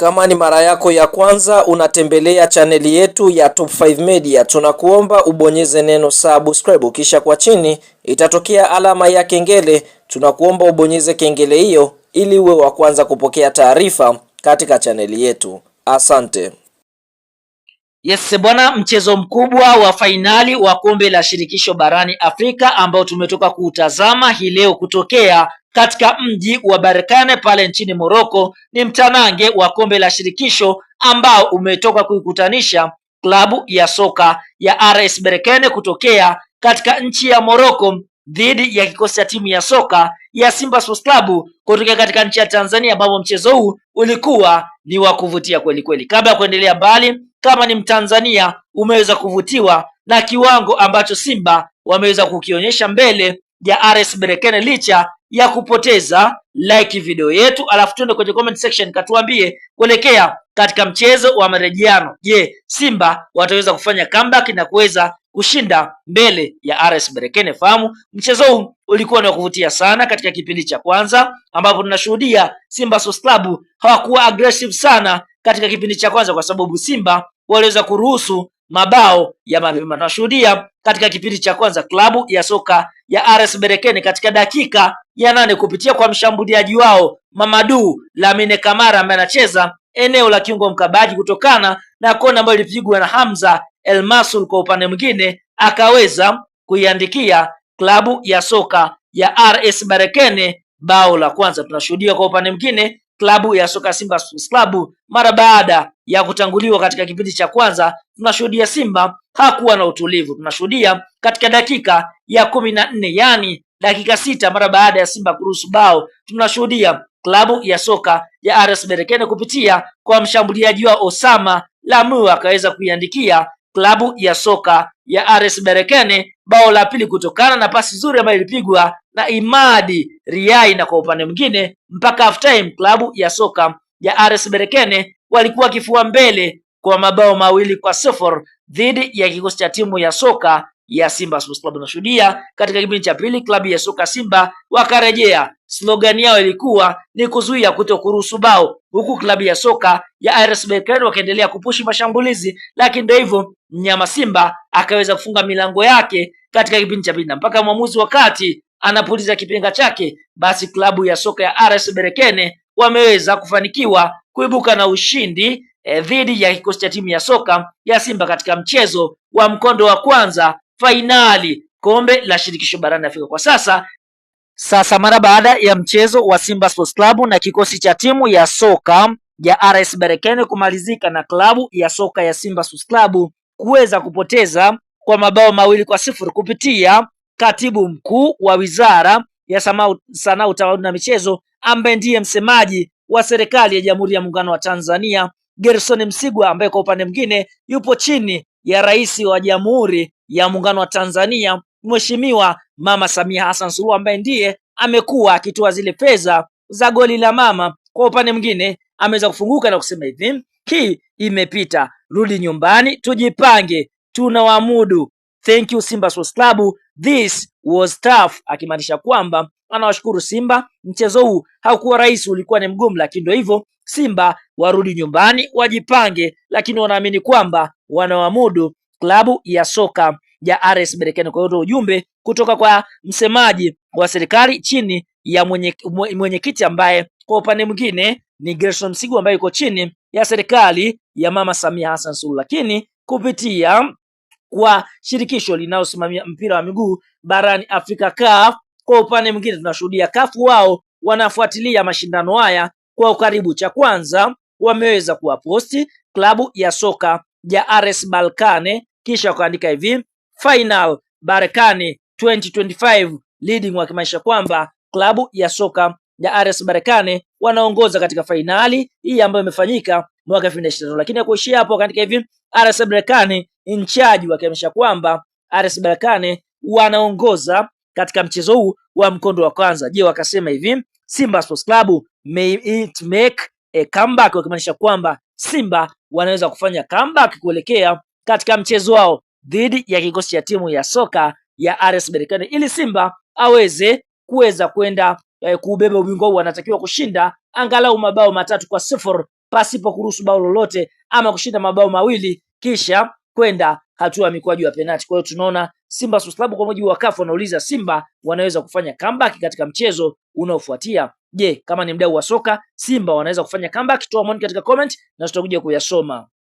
Kama ni mara yako ya kwanza unatembelea chaneli yetu ya Top 5 Media, tunakuomba ubonyeze neno subscribe, kisha kwa chini itatokea alama ya kengele. Tunakuomba ubonyeze kengele hiyo ili uwe wa kwanza kupokea taarifa katika chaneli yetu. Asante. Yes bwana, mchezo mkubwa wa fainali wa kombe la shirikisho barani Afrika ambao tumetoka kuutazama hii leo kutokea katika mji wa Berkane pale nchini Morocco ni mtanange wa kombe la shirikisho ambao umetoka kuikutanisha klabu ya soka ya RS Berkane kutokea katika nchi ya Morocco dhidi ya kikosi cha timu ya soka ya Simba Sports Club kutokea katika nchi ya Tanzania, ambapo mchezo huu ulikuwa ni wa kuvutia kweli kweli. Kabla ya kuendelea mbali, kama ni Mtanzania umeweza kuvutiwa na kiwango ambacho Simba wameweza kukionyesha mbele ya RS Berkane licha ya kupoteza. Like video yetu, alafu tuende kwenye comment section katuambie kuelekea katika mchezo wa marejiano Je, Simba wataweza kufanya comeback na kuweza kushinda mbele ya RS Berkane? Fahamu mchezo huu ulikuwa ni wa kuvutia sana katika kipindi cha kwanza, ambapo tunashuhudia Simba Sports Club hawakuwa aggressive sana katika kipindi cha kwanza, kwa sababu Simba waliweza kuruhusu mabao ya mapema. Tunashuhudia katika kipindi cha kwanza klabu ya soka ya RS Berkane katika dakika ya nane kupitia kwa mshambuliaji wao Mamadu Lamine Kamara ambaye anacheza eneo la kiungo mkabaji kutokana na kona ambayo ilipigwa na Hamza El Masul, kwa upande mwingine akaweza kuiandikia klabu ya soka ya RS Berkane bao la kwanza. Tunashuhudia kwa upande mwingine klabu ya soka Simba Sports Club mara baada ya kutanguliwa katika kipindi cha kwanza, tunashuhudia Simba hakuwa na utulivu. Tunashuhudia katika dakika ya kumi na nne yaani dakika sita mara baada ya Simba kuruhusu bao, tunashuhudia klabu ya soka ya RS Berkane kupitia kwa mshambuliaji wa Osama Lamu akaweza kuiandikia klabu ya soka ya RS Berkane bao la pili kutokana na pasi nzuri ambayo ilipigwa na Imadi Riai, na kwa upande mwingine mpaka half time klabu ya soka ya RS Berekene walikuwa kifua mbele kwa mabao mawili kwa sifuri dhidi ya kikosi cha timu ya soka ya Simba Sports Club. Tunashuhudia katika kipindi cha pili klabu ya soka Simba wakarejea, slogan yao ilikuwa ni kuzuia kuto kuruhusu bao, huku klabu ya soka ya RS Berkane wakaendelea kupushi mashambulizi, lakini ndio hivyo, mnyama Simba akaweza kufunga milango yake katika kipindi cha pili, na mpaka mwamuzi wakati anapuliza kipenga chake, basi klabu ya soka ya RS Berekene wameweza kufanikiwa kuibuka na ushindi eh, dhidi ya kikosi cha timu ya soka ya Simba katika mchezo wa mkondo wa kwanza fainali kombe la shirikisho barani Afrika kwa sasa. Sasa mara baada ya mchezo wa Simba Sports Club na kikosi cha timu ya soka ya RS Berekene kumalizika na klabu ya soka ya Simba Sports Club kuweza kupoteza kwa mabao mawili kwa sifuri kupitia katibu mkuu wa Wizara ya Sanaa, Utamaduni na Michezo, ambaye ndiye msemaji wa serikali ya Jamhuri ya Muungano wa Tanzania, Gerson Msigwa, ambaye kwa upande mwingine yupo chini ya Rais wa Jamhuri ya Muungano wa Tanzania, Mheshimiwa Mama Samia Hassan Suluhu, ambaye ndiye amekuwa akitoa zile fedha za goli la mama. Kwa upande mwingine ameweza kufunguka na kusema hivi, hii imepita, rudi nyumbani, tujipange, tunawamudu Thank you Simba Sports Club, this was tough, akimaanisha kwamba anawashukuru Simba, mchezo huu haukuwa rahisi, ulikuwa ni mgumu, lakini ndio hivyo, Simba warudi nyumbani wajipange, lakini wanaamini kwamba wanawamudu klabu ya soka ya RS Berkane. Kwa hiyo ujumbe kutoka kwa msemaji wa serikali chini ya mwenyekiti mwenye ambaye kwa upande mwingine ni Gerson Msigu ambaye yuko chini ya serikali ya Mama Samia Hassan Suluhu, lakini kupitia kwa shirikisho linalosimamia mpira wa miguu barani Afrika CAF. Kwa upande mwingine, tunashuhudia CAF wao wanafuatilia mashindano haya kwa ukaribu. Cha kwanza wameweza kuwaposti klabu ya soka ya RS Balkane kisha wakaandika hivi final Barekani 2025 leading, wakimaanisha kwamba klabu ya soka ya RS Barekane wanaongoza katika fainali hii ambayo imefanyika mwaka 2025. Lakini akuishia hapo, wakaandika hivi RS Berkane in charge, kwamba RS Berkane wanaongoza katika mchezo huu wa mkondo wa kwanza. Je, wakasema hivi Simba Sports Club may it make a comeback, wakimaanisha kwamba Simba wanaweza kufanya comeback kuelekea katika mchezo wao dhidi ya kikosi cha timu ya soka ya RS Berkane ili Simba aweze kuweza kwenda eh, kuubeba ubingwa huu anatakiwa kushinda angalau mabao matatu kwa sifuri pasipo kuruhusu bao lolote ama kushinda mabao mawili kisha kwenda hatua ya mikwaju ya penati. Kwa hiyo tunaona Simba Sports Club kwa mujibu wa CAF wanauliza Simba wanaweza kufanya comeback katika mchezo unaofuatia. Je, kama ni mdau wa soka Simba wanaweza kufanya comeback? Toa maoni katika comment na tutakuja kuyasoma.